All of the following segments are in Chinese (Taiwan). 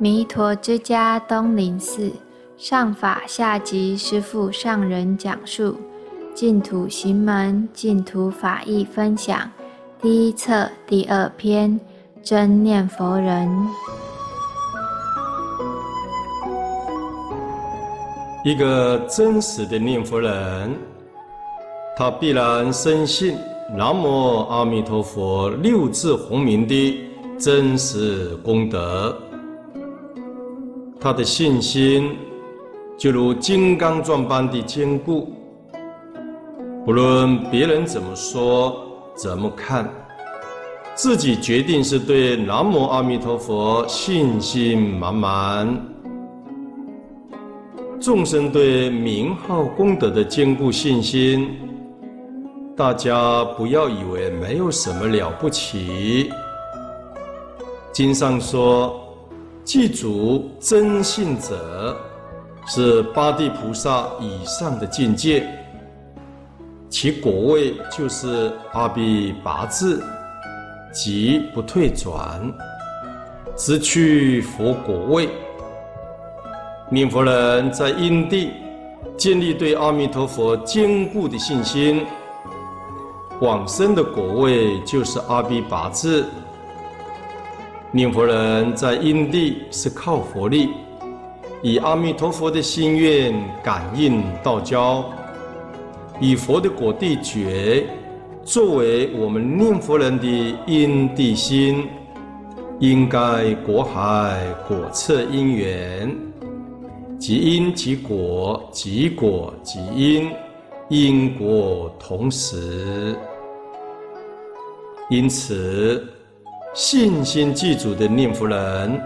彌陀之家東林寺上法下寂師父上人講述淨土行門，淨土法義分享第一冊，第二篇真念佛人，一個真實的念佛人，他必然深信南無阿彌陀佛六字洪名的真實功德。他的信心就如金剛鑽般的堅固，不論別人怎麼說怎麼看，自己決定是對南無阿彌陀佛信心滿滿。眾生對名號功德的堅固信心，大家不要以為沒有什麼了不起。經上說。具足真信者，是八地菩薩以上的境界，其果位就是阿鞞跋致，即不退轉，直趣佛果位。念佛人在因地建立對阿彌陀佛堅固的信心，往生的果位就是阿鞞跋致。念佛人在因地是靠佛力，以阿彌陀佛的心願感應道交，以佛的果地覺作為我們念佛人的因地心，因該果海，果徹因緣，即因即果，即果即因，因果同時。因此，信心祭祖的念佛人，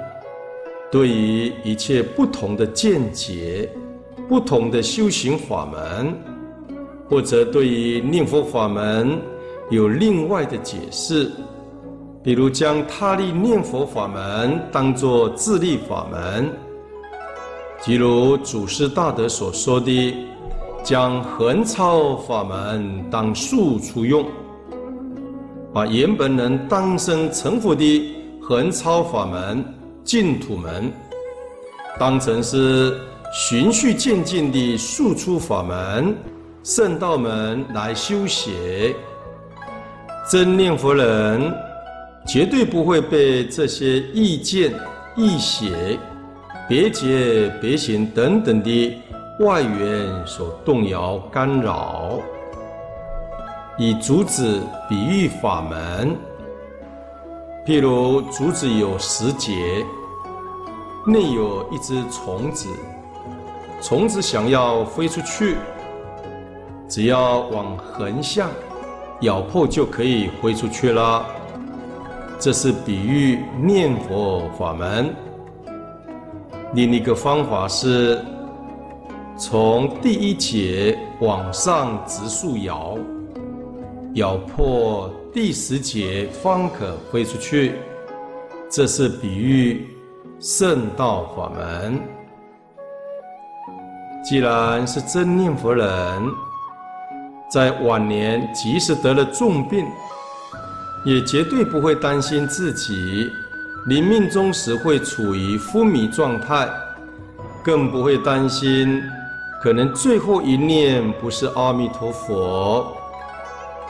對於一切不同的見解、不同的修行法門，或者對於念佛法門有另外的解釋，比如將他力念佛法門當作自力法門，即如祖師大德所說的，將橫超法門當豎出用。把原本能當生成佛的橫超法門、淨土門，當成是循序漸進的豎出法門、聖道門來修學，真念佛人絕對不會被這些異見、異學、別解、別行等等的外緣所動搖干擾。以竹子比喻法門，譬如竹子有十節，內有一隻蟲子，蟲子想要飛出去，只要往橫向咬破就可以飛出去了。這是比喻念佛法門。另一個方法是從第一節往上直豎搖。咬破第十節，方可飛出去。這是比喻聖道法門。既然是真念佛人，在晚年即使得了重病，也絕對不會擔心自己臨命終時會處於昏迷狀態，更不會擔心可能最後一念不是阿彌陀佛。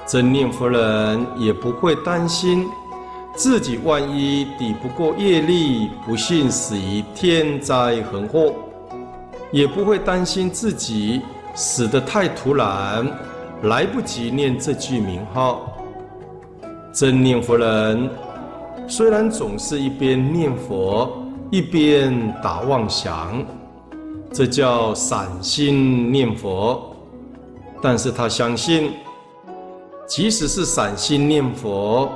真念佛人也不會擔心自己萬一抵不過業力，不幸死於天災橫禍，也不會擔心自己死得太突然，來不及念這句名號。真念佛人雖然總是一邊念佛，一邊打妄想，這叫散心念佛，但是他相信，即使是散心念佛，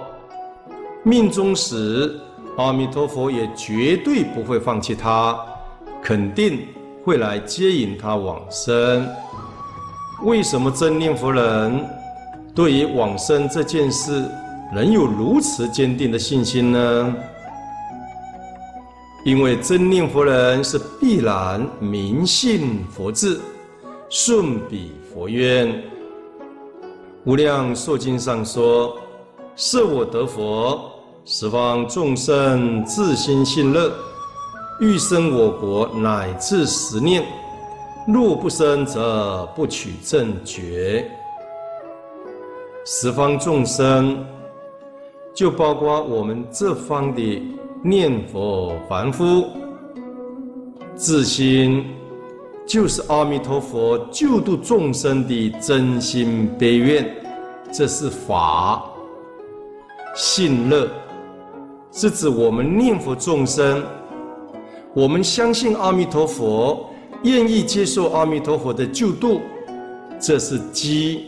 命終時，阿彌陀佛也絕對不會放棄他，肯定會來接引他往生。為什麼真念佛人對於往生這件事能有如此堅定的信心呢？因為真念佛人是必然明信佛智，順彼佛願。無量壽經上說：“設我得佛，十方眾生自心信樂，欲生我國，乃至十念，若不生者，不取正覺。”十方眾生，就包括我們這方的念佛凡夫，自心。就是阿彌陀佛救度眾生的真心悲願，這是法信樂，是指我們念佛眾生，我們相信阿彌陀佛，願意接受阿彌陀佛的救度，這是機，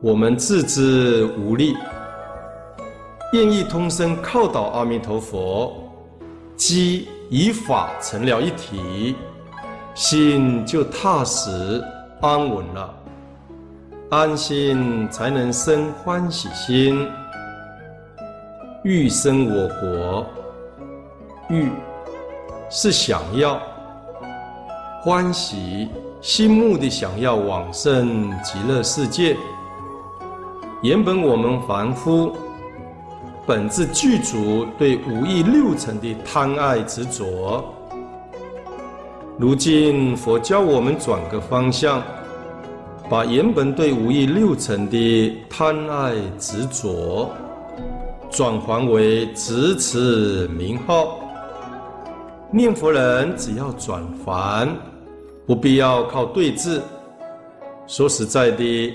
我們自知無力，願意通身靠倒阿彌陀佛，機以法成了一體。心就踏實安穩了，安心才能生歡喜心。欲生我國，欲是想要歡喜心目的，想要往生極樂世界。原本我們凡夫本自具足對五欲六塵的貪愛執着。如今，佛教我們轉個方向，把原本對五欲六塵的貪愛執着，轉還為執持名號。念佛人只要轉凡，不必要靠對治，說實在的，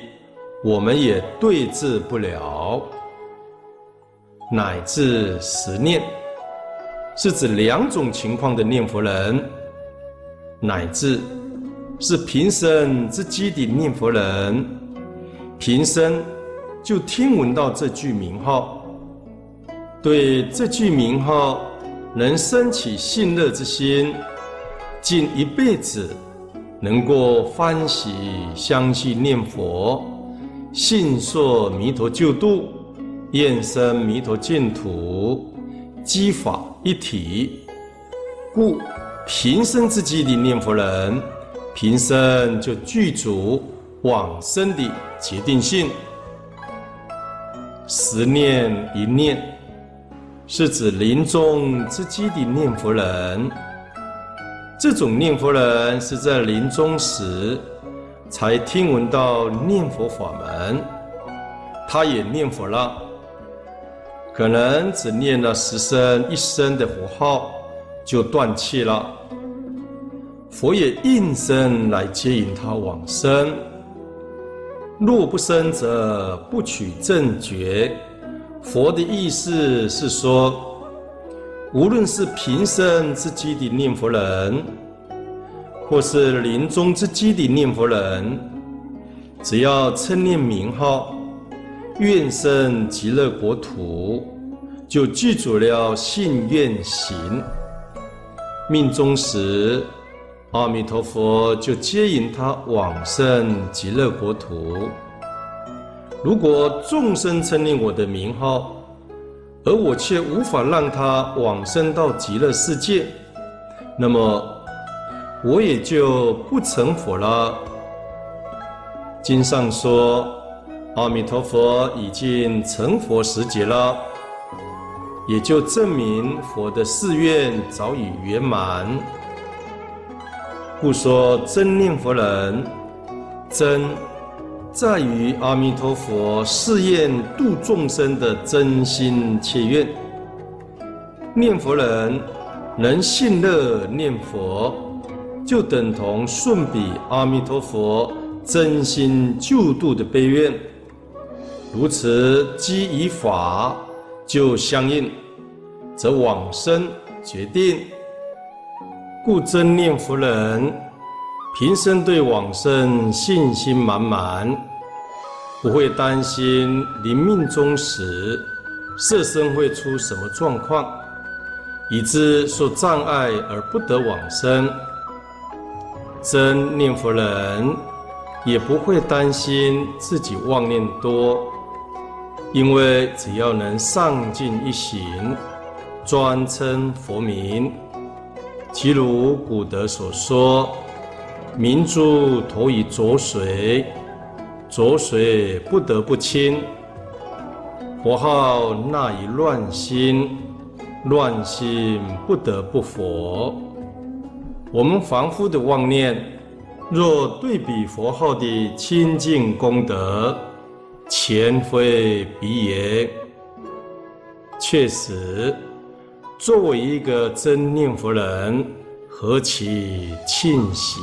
我們也對治不了，乃至十念，是指兩種情況的念佛人。乃至是平生之機的念佛人，平生就聽聞到這句名號，對這句名號能生起信樂之心，盡一輩子能夠歡喜相信念佛，信受彌陀救度，願生彌陀淨土，機法一體，故。平生之機的念佛人，平生就具足往生的決定性。十念一念，是指臨終之機的念佛人。這種念佛人是在臨終時才聽聞到念佛法門，他也念佛了，可能只念了十聲、一聲的佛號。就斷氣了。佛也應聲來接引他往生。若不生，則不取正覺。佛的意思是說，無論是平生之機的念佛人，或是臨終之機的念佛人，只要稱念名號，願生極樂國土，就具足了信願行。命終時，阿彌陀佛就接引他往生極樂國土。如果眾生稱念我的名號，而我卻無法讓他往生到極樂世界，那麼我也就不成佛了。經上說，阿彌陀佛已經成佛十劫了。也就證明佛的誓願早已圓滿，故說真念佛人，真在於阿彌陀佛誓願度眾生的真心切願。念佛人能信樂念佛，就等同順彼阿彌陀佛真心救度的悲願，如此機與法就相應。則往生決定，故真念佛人，平生對往生信心滿滿，不會擔心臨命終時，色身會出什麼狀況，以致受障礙而不得往生。真念佛人，也不會擔心自己妄念多，因為只要能上盡一形。專稱佛名，其如古德所說：“明珠投於濁水，濁水不得不清；佛號納以亂心，亂心不得不佛。”我們凡夫的妄念，若對比佛號的清淨功德，前非比也，確實。作為一個真念佛人，何其慶幸！